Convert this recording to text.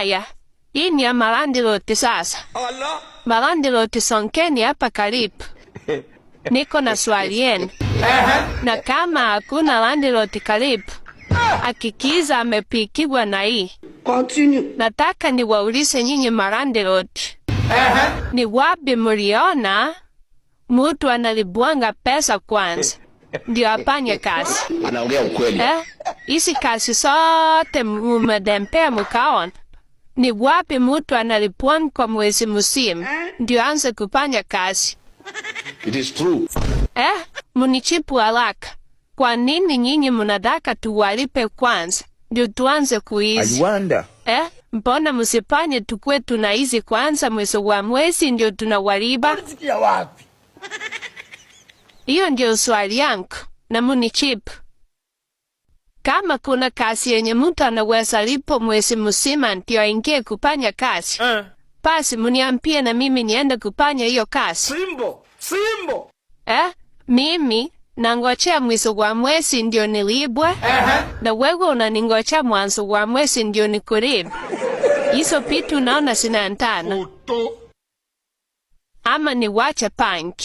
Haya, hii ni ya malandiroti sasa. Malandiroti sonkeni hapa karibu. Niko na swali yenu, na kama hakuna landiroti karibu, akikiza amepikibwa na hii. Nataka niwaulize nyinyi malandiroti, ni wapi muliona mutu analibwanga pesa kwanza ndio apanye kazi? Anaongea ukweli. Eh? Hizi kazi sote mumedempea mukaona ni wapi mutu analipwa kwa mwezi mzima eh? ndio anze kupanya kazi? It is true. Eh, munichipu alaka Kwa nini nyinyi munadaka tuwalipe kwanza ndio tuanze kuizi? Eh, mbona musipanye tukue tunaizi kwanza mwezi wa mwezi ndio tunawaliba? Hiyo ndio swali yangu na munichipu kama kuna kasi yenye mtu anaweza lipo mwezi musima ndio aingie kupanya kasi eh, basi mniambie na mimi niende kupanya hiyo kasi. Simbo, simbo. Eh, mimi nangojea mwisho wa mwezi ndio nilibwe uh -huh. Na wewe unaningojea mwanzo wa mwezi ndio nikuribe. Hizo pitu naona zinaendana, ama ni wacha punk.